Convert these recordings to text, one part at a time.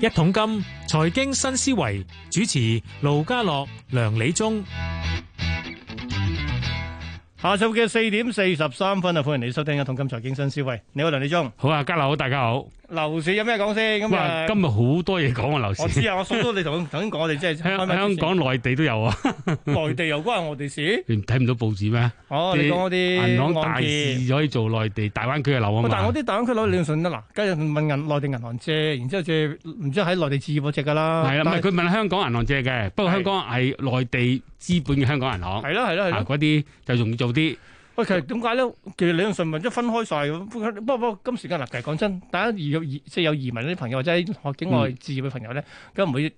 一桶金財經新思維，主持盧家樂、梁理中。下晝嘅四點四十三分啊！歡迎你收聽《一桶金財經新思維》。你好，梁理中。好啊，家樓好，大家好。樓市有咩講先？咁啊，今日好多嘢講啊，樓市。我知啊，我疏疏你同，頭先講我哋即係香香港、內地都有啊。內地又關我哋事？你睇唔到報紙咩？哦，你講啲銀行大事可以做，內地大灣區嘅樓啊。但係我啲大灣區攞你哋信得嗱？跟住問銀內地銀行借，然之後借，唔知喺內地置業嗰隻噶啦。係啊，唔係佢問香港銀行借嘅，不過香港係內地資本嘅香港銀行。係咯係咯，嗱，嗰啲就容易做。喂，其實點解咧？其實理論上物都分開晒。咁。不過不過，今時間嗱，其實講真，大家移有移即係有移民啲朋友，或者喺學境外置業嘅朋友咧，咁唔、嗯、會一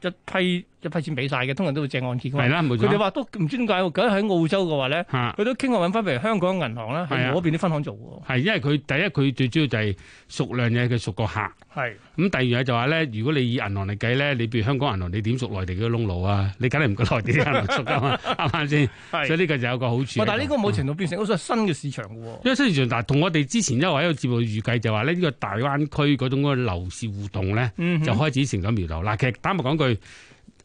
批。一批錢俾晒嘅，通常都會借按揭。係啦，冇錯。佢哋話都唔專介喎，咁喺澳洲嘅話咧，佢的都傾我揾翻譬如香港銀行啦，喺嗰邊啲分行做喎。係，因為佢第一，佢最主要就係熟量嘢，佢熟個客。係的。咁第二樣就話、是、咧，如果你以銀行嚟計咧，你譬如香港銀行，你點熟內地嘅窿路啊？你梗係唔夠內地啲銀行 熟噶的嘛？啱唔啱先？的所以呢個就有個好處。但係呢個冇程度變成好似新嘅市場㗎喎、嗯。因為雖然嗱同我哋之前因為喺個節目預計就話呢，呢個大灣區嗰種嗰個樓市互動咧，就開始成咗苗頭。嗱、嗯哼，其實坦白講句。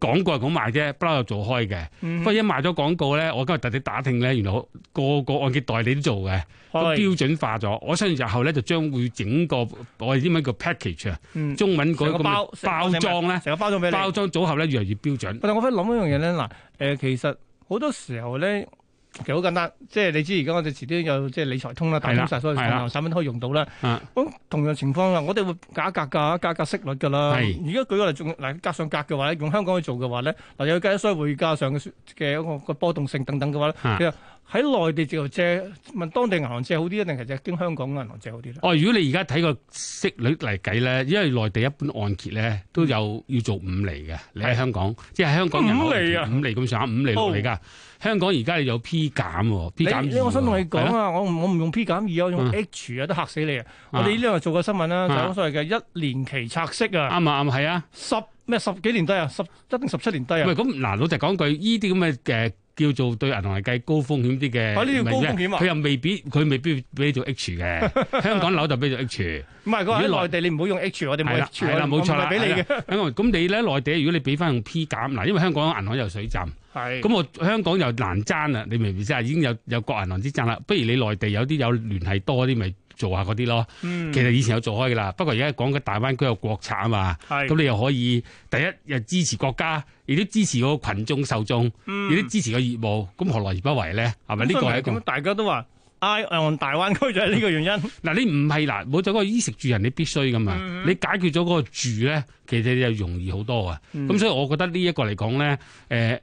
講過就講埋啫，不嬲又做開嘅。不過一賣咗廣告咧，我今日特地打聽咧，原來個個按揭代理都做嘅，都標準化咗。我相信日後咧就將會整個我哋英文叫 package 啊、嗯，中文嗰個,個包裝咧，包裝組合咧越嚟越標準。但係我忽然諗一樣嘢咧，嗱、嗯，誒，其實好多時候咧。其實好簡單，即係你知而家我哋遲啲有即係理財通啦，大晒所的有銀行、產品都可以用到啦。咁的同樣情況啦，我哋會價格噶，價格息率噶啦。如果的舉個例，仲嗱加上格嘅話咧，用香港去做嘅話咧，嗱又要計一衰匯價上嘅嘅一個個波動性等等嘅話咧。的喺內地借問當地銀行借好啲啊，定係借經香港銀行借好啲咧？哦，如果你而家睇個息率嚟計咧，因為內地一般按揭咧都有要做五厘嘅，你喺香港即係香港人按揭五厘咁上下，五厘落嚟噶。香港而家有 P 減，P 減我想同你講啊，我唔我唔用 P 減二我用 H 啊，都嚇死你啊！我哋呢度做個新聞啦，就係所謂嘅一年期拆息啊。啱啊，啱啊，係啊，十咩十幾年低啊，十一定十七年低啊。唔咁嗱，老實講句，呢啲咁嘅嘅。叫做對銀行係計高風險啲嘅，佢、啊啊、又未必，佢未必俾你做 H 嘅。 香港樓就俾你做 H。唔係，如果內地你唔好用 H， 我哋冇 H 的。係啦的，冇錯啦，係俾你嘅。咁咁你咧內地，如果你俾翻用 P 減嗱，因為香港銀行有水浸，係咁的我香港又難爭啦。你明唔明先啊？已經有有各銀行之爭啦。不如你內地有啲有聯繫多啲咪？做下嗰啲咯，嗯、其實以前有做開噶啦，不過而家講緊大灣區有國策啊嘛，咁是你又可以第一又支持國家，亦都支持個群眾受眾，亦、嗯、都支持個業務，咁何樂而不為咧？係咪呢個係一個？嗯、大家都話 I 大灣區就係呢個原因。嗱， 你唔係嗱，冇咗嗰個衣食住行，你必須噶嘛。嗯、你解決咗嗰個住咧，其實又容易好多啊。咁、嗯、所以我覺得呢一個嚟講咧，誒、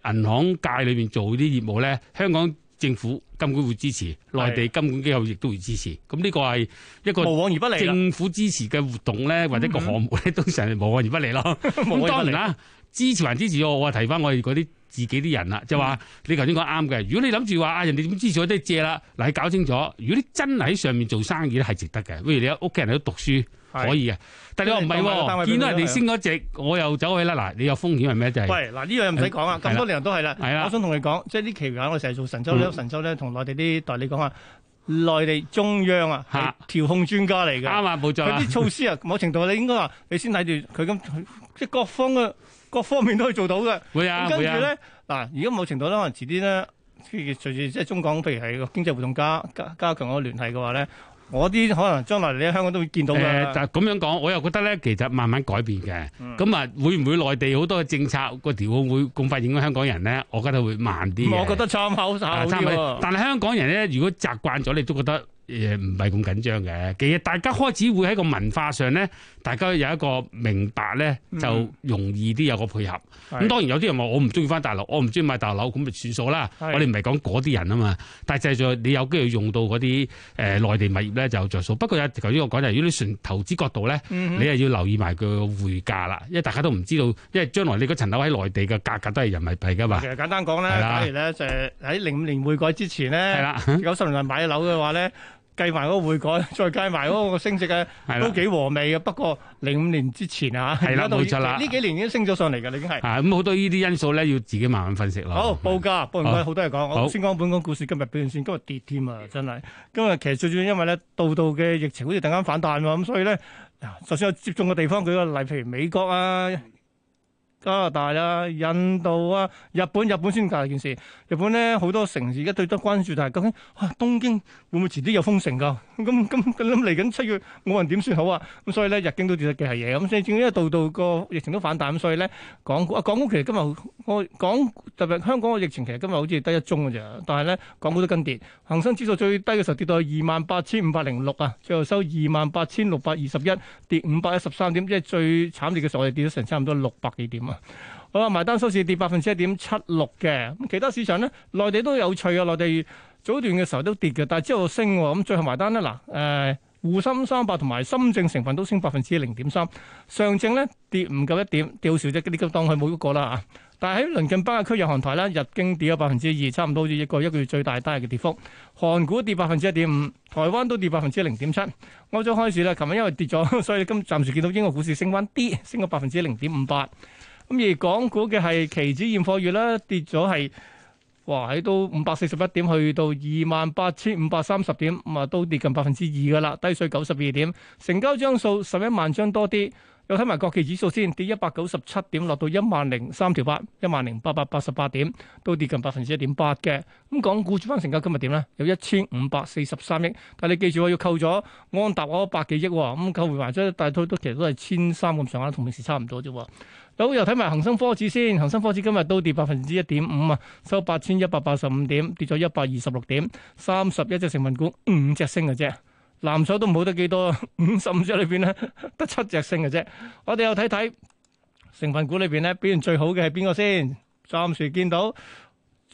呃、銀行界裏邊做啲業務咧，香港。政府金管會支持，是內地金管機構亦都會支持，咁呢個係一個無往而不利政府支持嘅活動咧，嗯嗯或者個項目咧，都成係無往而不利咯。咁 當然啦， 支持還支持我，我提翻我哋嗰啲自己啲人啦，就話你頭先講啱嘅。如果你諗住話啊，人哋點支持我都借啦，嗱你搞清楚，如果你真係喺上面做生意咧，係值得嘅。不如你喺屋企人喺度讀書。可以啊，但你話唔係喎，見到人哋升咗值，我又走去啦。嗱，你有風險係咩就係？喂，嗱呢樣唔使講啊，咁多年都係啦。係啊，我想同你講，即係呢期權，我成日做神州咧，神州咧同內地啲代理講下，內地中央啊，係調控專家嚟嘅。啱啊，冇錯。佢啲措施啊，某程度你應該話，你先睇住佢咁，即係各方嘅各方面都可以做到嘅。會啊，跟住咧，嗱，如果某程度咧，可能遲啲咧，隨住即係中港譬如係經濟活動加加加強嗰聯繫嘅話咧。我啲可能將來你喺香港都會見到嘅。誒、呃，咁樣講，我又覺得咧，其實慢慢改變嘅。咁啊、嗯，會唔會內地好多嘅政策個調會咁快影響到香港人咧？我覺得會慢啲、嗯。我覺得差唔多。但係香港人咧，如果習慣咗，你都覺得誒唔係咁緊張嘅。其實，大家開始會喺個文化上咧。大家有一個明白咧，就容易啲有個配合。咁、嗯、當然有啲人話我唔中意翻大陸，我唔中意買大陸樓，咁咪算數啦。是的 我哋唔係講嗰啲人啊嘛。但係在在你有機會用到嗰啲誒內地物業咧，就著數。不過有頭先我講就如果你純投資角度咧，你係要留意埋佢個匯價啦，因為大家都唔知道，因為將來你嗰層樓喺內地嘅價格,格都係人民幣㗎嘛。其實簡單講咧，的假如咧就喺零五年匯改之前咧，九十的的年代買的樓嘅話咧。計埋嗰個匯改，再計埋嗰個升值嘅， 的都幾和味嘅。不過零五年之前啊，係啦冇錯啦，呢幾年已經升咗上嚟嘅，已經係。咁好多呢啲因素咧，要自己慢慢分析咯。好，報價，的報完價好多嘢講。我先講本港股市，今日表現先，今日跌添啊，真係。今日其實最主要因為咧，道道嘅疫情好似突然間反彈喎，咁所以咧，嗱，就算有接種嘅地方，舉個例，譬如美國啊。加拿大啦、啊、印度啊、日本，日本先搞緊件事。日本咧好多城市而家對得關注，但係究竟哇、啊，東京會唔會遲啲有封城㗎？咁咁諗嚟緊七月，冇人點算好啊？咁、嗯、所以咧，日經都跌得幾係嘢咁。所以正因為度度個疫情都反彈，咁所以咧，港股啊，港股其實今日港特別香港嘅疫情其實今日好似得一宗㗎咋，但係咧，港股都跟跌，恒生指數最低嘅時候跌到係二萬八千五百零六啊，最後收二萬八千六百二十一，跌五百一十三點，即係最慘烈嘅時候，我哋跌咗成差唔多六百幾點。我話埋單收市跌百分之一點七六嘅，咁其他市場呢，內地都有趣啊！內地早段嘅時候都跌嘅，但係之後升喎，咁最後埋單啦。嗱、呃，誒，滬深三百同埋深證成分都升百分之零點三，上證呢，跌唔夠一點，掉少隻，你就當佢冇郁過啦啊！但係喺臨近巴嘅區域，日韓台咧，日經跌咗百分之二，差唔多好似一個一個月最大單日嘅跌幅，韓股跌百分之一點五，台灣都跌百分之零點七，歐洲開始啦，琴日因為跌咗，所以今暫時見到英國股市升返啲，升個百分之零點五八。咁而港股嘅係期指現貨月咧，跌咗係，哇喺到五百四十一點，去到二萬八千五百三十點，咁啊都跌近百分之二噶啦，低水九十二點，成交張數十一萬張多啲。又睇埋國企指數先，跌一百九十七點，落到一萬零三條八，一萬零八百八十八點，都跌近百分之一點八嘅。咁港股轉翻成交今日點咧？有一千五百四十三億，但係你記住喎，要扣咗安達嗰百幾億喎，咁、嗯、扣回埋即但係都都其實都係千三咁上下，同平時差唔多啫。咁又睇埋恒生科指先，恒生科指今日都跌百分之一點五啊，收八千一百八十五點，跌咗一百二十六點，三十一隻成分股，五隻升嘅啫。藍籌都冇得幾多，五十五裡面呢，隻裏邊咧得七隻升嘅啫。我哋又睇睇成分股裏邊咧，表現最好嘅係邊個先？暫時見到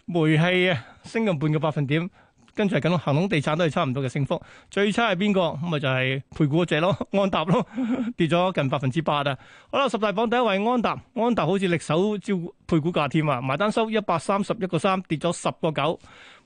煤氣啊，升近半個百分點，跟住係緊恒隆地產都係差唔多嘅升幅。最差係邊個？咁啊就係、是、配股嗰隻咯，安踏咯，跌咗近百分之八啊。好啦，十大榜第一位安踏。安踏好似力守招，招配股價添啊，埋單收一百三十一個三，跌咗十個九。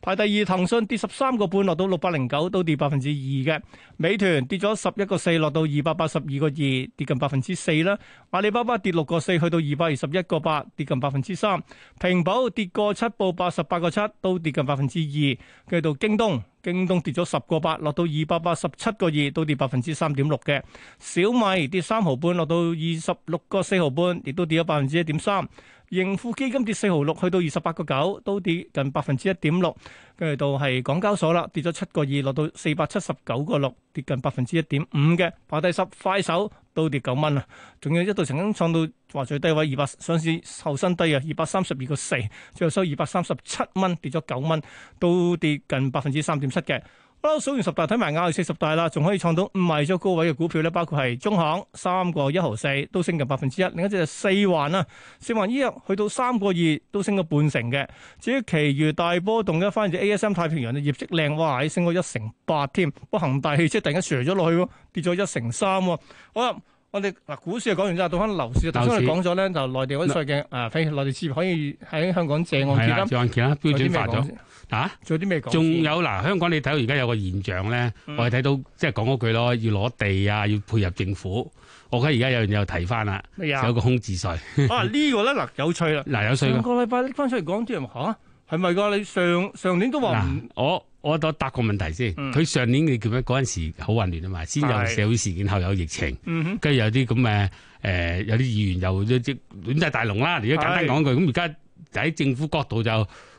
排第二，騰訊跌十三個半，落到六百零九，都跌百分之二嘅。美團跌咗十一個四，落到二百八十二個二，跌近百分之四啦。阿里巴巴跌六個四，去到二百二十一個八，跌近百分之三。平保跌個七，報八十八個七，都跌近百分之二。繼續到京東。京東跌咗十個八，落到二百八十七個二，都跌百分之三點六嘅。小米跌三毫半，落到二十六個四毫半，亦都跌咗百分之一點三。盈富基金跌四毫六，去到二十八個九，都跌近百分之一點六。跟住到係港交所啦，跌咗七個二，落到四百七十九個六，跌近百分之一點五嘅。排第十，快手都跌九蚊啊，仲有一度曾經創到話最低位二百上市後新低啊，二百三十二個四，最後收二百三十七蚊，跌咗九蚊，都跌近百分之三點七嘅。我數完十大，睇埋亞四十大啦，仲可以創到唔係咗高位嘅股票咧，包括係中行三個一毫四，都升近百分之一。另一隻係四環啊，四環依日去到三個二，都升咗半成嘅。至於其餘大波動咧，反而 A S M 太平洋嘅業績靚，哇，升咗一成八添。不過，恒大汽車突然間衰咗落去咯，跌咗一成三喎。好啦。我哋嗱，股市又講完之後，到翻樓市。頭先我哋講咗咧，就內地嗰啲稅嘅，啊，譬如內地資本可以喺香港借按揭借按揭啦，標準化咗。嚇？仲有啲咩講？仲有嗱，香港你睇到而家有個現象咧，我哋睇到即係講嗰句咯，要攞地啊，要配合政府。我覺得而家有樣嘢又提翻啦，有個空置稅。啊，呢個咧嗱，有趣啦。嗱，有趣。上個禮拜翻出嚟講啲人嚇。係咪噶？你上上年都話唔我我我答個問題先。佢上年你叫咩？嗰陣時好混亂啊嘛，先有社會事件，後有疫情，跟住有啲咁嘅誒，有啲議員又即亂晒大龍啦。而家簡單講句，咁而家就喺政府角度就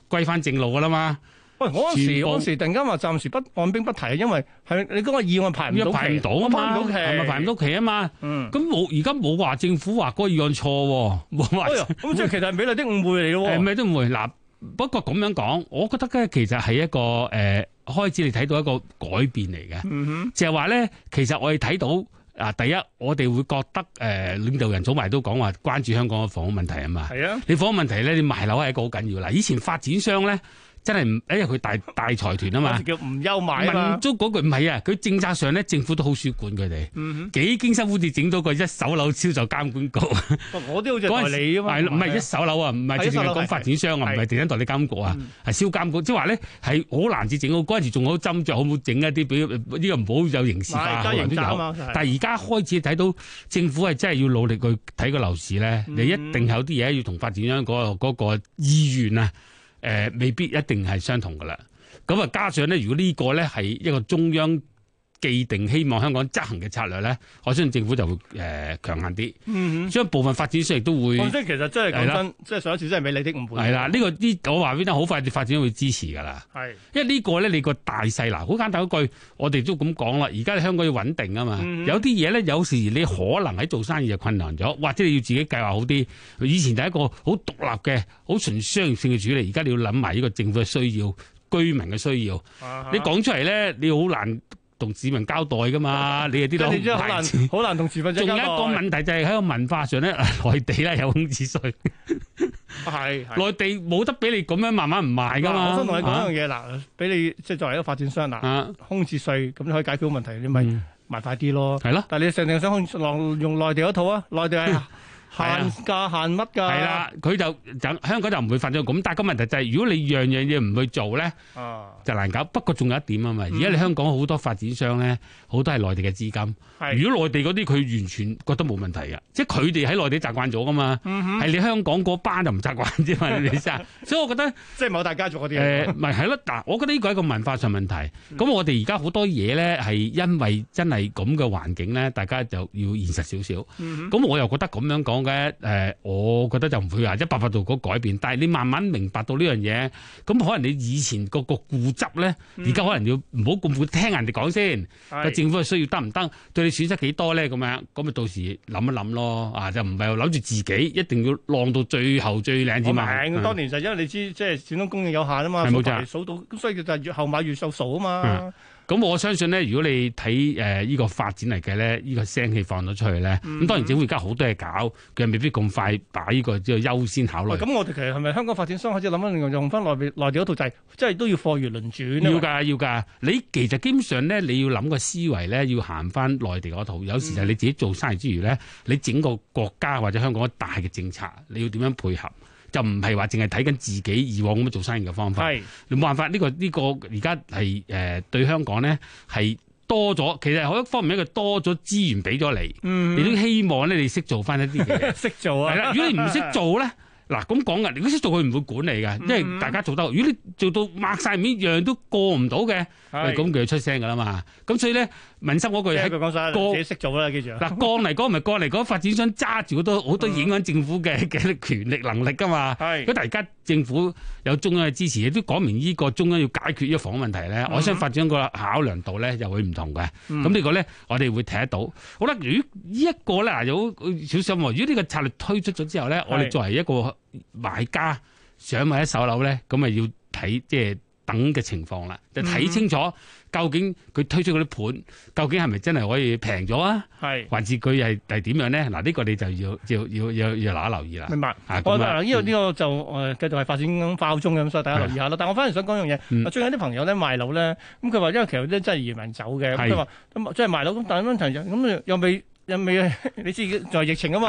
歸翻正路噶啦嘛。喂，嗰陣時陣時突然間話暫時不按兵不提，因為係你嗰個議案排唔到排唔到期啊嘛，排唔到期啊嘛。咁冇而家冇話政府話嗰個議案錯，冇話咁即係其實係美麗的誤會嚟咯。咩都誤會嗱。不過咁樣講，我覺得咧其實係一個誒、呃、開始，你睇到一個改變嚟嘅，嗯、哼就係話咧，其實我哋睇到啊，第一我哋會覺得誒、呃，領導人早埋都講話關注香港嘅房屋問題啊嘛，係啊、嗯哼，你房屋問題咧，你賣樓係一個好緊要嗱，以前發展商咧。真係唔，因為佢大大財團啊嘛，叫唔休買民足嗰句唔係啊，佢、啊、政策上咧，政府都好少管佢哋，幾經辛苦地整到一個一手樓銷售監管局。我哋好似嗰陣時啊嘛，唔係一手樓啊，唔係直接講發展商啊，唔係地產代理監管局啊，係銷監局即係話咧，係好難至整到。嗰陣時仲好斟酌，好唔好整一啲，比、這、呢個唔好有刑事化、嗯哼啊、但係而家開始睇到政府係真係要努力去睇個樓市咧，嗯、哼你一定有啲嘢要同發展商嗰、那個嗰、那個意願啊。誒、呃、未必一定係相同噶啦，咁啊加上咧，如果呢個咧係一個中央。既定希望香港執行嘅策略咧，我相信政府就會誒、呃、強硬啲，將、嗯、哼部分發展商亦都會。即係其實真係講真，即係上一次真係俾、這個這個、你的誤判。係啦的，呢個呢，我話俾你好快啲發展商會支持㗎啦。係，因為呢個咧，你個大勢嗱，好簡單一句，我哋都咁講啦。而家香港要穩定啊嘛，嗯、哼有啲嘢咧，有時你可能喺做生意就困難咗，或者你要自己計劃好啲。以前就係一個好獨立嘅、好純商業性嘅主理，而家你要諗埋呢個政府嘅需要、居民嘅需要。啊、哈 你講出嚟咧，你好難。同市民交代噶嘛，嗯、你哋啲都好難，好難同市民。仲有一個問題就係喺個文化上咧， 內地咧有空置稅，係、 啊、 內地冇得俾你咁樣慢慢唔賣噶嘛。我想同你講一樣嘢嗱，俾你即係作為一個發展商啦，啊啊、空置稅咁可以解決個問題，你咪賣快啲咯，係咯、嗯。但係你成日想用內地嗰套啊，內地啊。嗯限價限乜噶？係啦，佢就香港就唔會發咗。咁，但係個問題就係，如果你樣樣嘢唔去做咧，就難搞。不過仲有一點啊嘛，而家你香港好多發展商咧，好多係內地嘅資金。如果內地嗰啲，佢完全覺得冇問題嘅，即係佢哋喺內地習慣咗噶嘛，係你香港嗰班就唔習慣之嘛，你知啊？所以我覺得即係冇大家族嗰啲誒，咪係咯？嗱，我覺得呢個係一個文化上問題。咁我哋而家好多嘢咧，係因為真係咁嘅環境咧，大家就要現實少少。咁我又覺得咁樣講。嘅，誒，我覺得就唔會話一百八度改變，但係你慢慢明白到呢樣嘢，咁可能你以前個個固執咧，而家可能要唔好咁固，聽人哋講先，政府需要得唔得，對你損失幾多咧？咁樣，咁咪到時諗一諗咯，啊，就唔係諗住自己，一定要浪到最後最靚點嘛。我明，當年就因為你知，即係選通供應有限啊嘛，係冇錯。數到，嗎所以就係越後買越受數啊嘛。嗯。咁我相信咧，如果你睇誒依個發展嚟嘅咧，呢個聲氣放咗出去咧，咁、嗯、當然政府而家好多嘢搞，佢未必咁快把呢個即係優先考慮。咁、嗯、我哋其實係咪香港發展商開始諗翻，用翻內地內地嗰套制，即係都要貨如輪轉。要㗎要㗎，你其實基本上咧，你要諗個思維咧，要行翻內地嗰套。有時就你自己做生意之餘咧，你整個國家或者香港一大嘅政策，你要點樣配合？就唔係話淨係睇緊自己以往咁樣做生意嘅方法，你冇是辦法呢、呢個呢、呢個而家係誒對香港咧係多咗，其實有一方面咧佢多咗資源俾咗你，嗯，你都希望咧你識做翻一啲嘢，識 做啊！係啦！如果你唔識做咧。 嗱咁講嘅，如果識做佢唔會管你嘅，因為大家做得，如果你做到擘曬面，樣樣都過唔到嘅，咁佢就出聲嘅啦嘛。咁所以咧，民生嗰句喺佢講晒，自己識做啦，記住。嗱過嚟講唔係過嚟講，發展商揸住好多好多影響政府嘅嘅權力能力噶嘛。係，咁大家。政府有中央嘅支持，亦都講明呢個中央要解決呢個房問題咧，mm hmm. 我想發展個考量度咧又會唔同嘅。咁呢、mm hmm. 個咧，我哋會睇得到。好啦如果呢一個咧，有小心，如果呢個,個策略推出咗之後咧，的我哋作為一個買家想買一手樓咧，咁咪要睇即係。就是等嘅情況啦，就睇、嗯、清楚究竟佢推出嗰啲盤，究竟係咪真係可以平咗啊？係是，還是佢係係點樣咧？嗱，呢個你就要要要要要留意啦。明白。我啊呢、哦那這個呢、這個就誒、呃、繼續係發展化爆衝嘅，咁所以大家留意下咯。是但我反而想講一樣嘢，嗯、最近啲朋友咧賣樓咧，咁佢話因為其實都真係移民走嘅，咁佢話咁即係賣樓咁，但係咁樣又未又未，又又知又知你知在疫情啊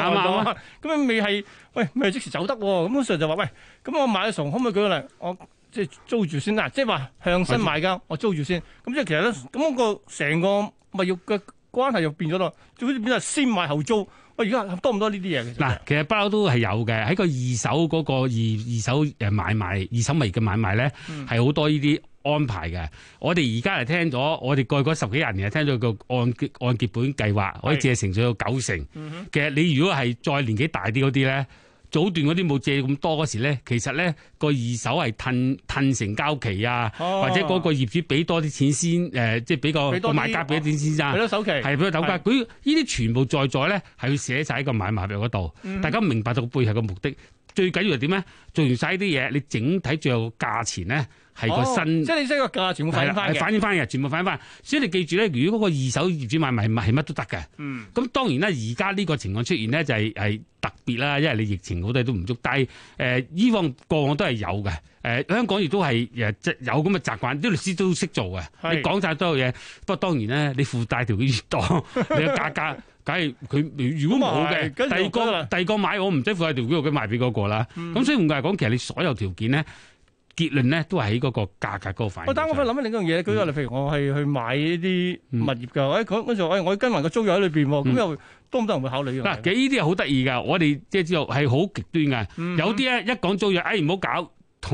嘛，咁樣未係喂未即時走得喎，咁通常就話喂咁我買咗房可唔可以舉個例我？即係租住先啦，即係話向新買家的我租住先，咁即係其實咧，咁、嗰個成個物業嘅關係又變咗咯，就好似變咗先買後租。喂，而家多唔多呢啲嘢？嗱，其實不嬲都係有嘅，喺個二手嗰個二二手誒買賣、二手物業嘅買賣咧，係好、嗯、多呢啲安排嘅。我哋而家係聽咗，我哋過嗰十幾年嚟聽咗個按按揭本計劃可以借成數有九成。嗯、其實你如果係再年紀大啲嗰啲咧。早段嗰啲冇借咁多嗰時咧，其實咧個二手係褪褪成交期啊，啊或者嗰個業主俾多啲錢先，誒、呃、即係俾個買家俾錢先生係咯首期，係俾佢等價。佢呢啲全部在在咧係要寫晒喺個買賣約嗰度，嗯、大家明白到背後嘅目的。最緊要係點咧？做完曬啲嘢，你整體最後價錢咧。係個新，哦、即係你即係個價全部反映翻反映翻嘅，全部反映翻。所以你記住咧，如果嗰個二手業主買賣係乜都得嘅。咁、嗯、當然啦，而家呢個情況出現咧就係、是、係特別啦，因為你疫情好多都唔足。但係誒、呃、以往過往都係有嘅。誒、呃、香港亦都係誒即有咁嘅習慣，啲律師都識做嘅。你講晒所有嘢，不過當然咧，你附帶條件越多， 你個價格梗係佢如果冇嘅，第二個第二個買我唔使附帶條件賣俾嗰個啦。咁、嗯、所以唔怪講，其實你所有條件咧。 結論咧都係喺嗰個價格嗰個反，但我咪諗起另一樣嘢咧，舉個例，譬如我係去買一啲物業嘅，誒、嗯，佢嗰陣時，我跟埋個租約喺裏邊，咁、嗯、又多唔多人會考慮嗱？其呢啲係好得意㗎，我哋即係知道係好極端㗎，有啲咧一講租約，誒唔好搞。同今日傾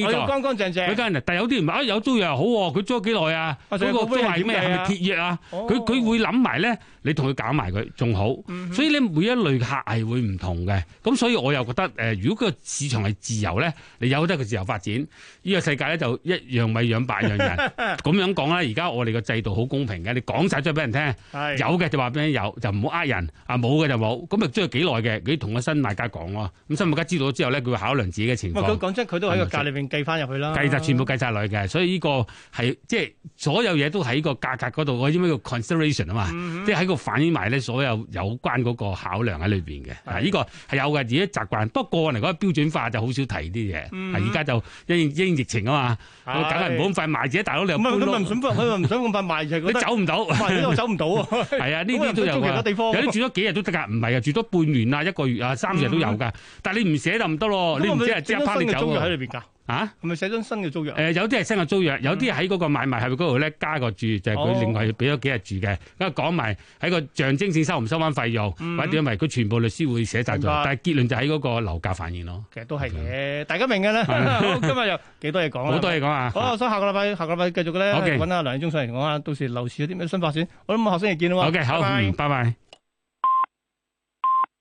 呢座，乾乾淨淨嗰間啊！但有啲人話有租又好喎，佢租咗幾耐啊？嗰個係咩啊？係咪鐵約啊？佢佢會諗埋咧，你同佢搞埋佢仲好。所以咧，每一類客係會唔同嘅。咁所以我又覺得誒、呃，如果個市場係自由咧，你有得佢自由發展，呢、這個世界咧就一樣米養百樣，樣人。咁 樣講啦，而家我哋個制度好公平嘅，你講晒出俾人聽， 有嘅就話俾人有，就唔好呃人啊，冇嘅就冇。咁啊，租咗幾耐嘅，佢同個新買家講咯。咁新買家知道咗之後咧，佢會考量自己嘅情況。 佢都喺個價裏邊計翻入去啦，計晒全部計晒落去嘅，所以呢個係即係所有嘢都喺個價格嗰度。我依家叫 consideration 啊嘛，即係喺個反映埋咧所有有關嗰個考量喺裏邊嘅。啊，呢個係有嘅，自己習慣。不過嚟講標準化就好少提啲嘢。而家就因應疫情啊嘛，梗係唔好咁快賣，自己大佬你又唔係想，咁快賣。你走唔到，走唔到啊。係啊，呢啲都有話。你住咗幾日都得㗎，唔係啊，住咗半年啊，一個月啊，三日都有㗎。但係你唔捨就唔得咯，你唔捨即刻拉你走。喺裏邊㗎啊？係咪寫咗新嘅租約？誒，有啲係新嘅租約，有啲喺嗰個買賣喺嗰度咧加個住，就係佢另外要俾咗幾日住嘅。咁啊講埋喺個象徵性收唔收翻費用，或者因為佢全部律師會寫曬。但係結論就喺嗰個樓價反映咯。其實都係嘅，大家明嘅啦。今日又幾多嘢講？好多嘢講啊。好，所以下個禮拜，下個禮拜繼續嘅咧，揾阿梁理中上嚟講啊。到時樓市有啲咩新發展，我諗下星期見啦。OK，好，拜拜。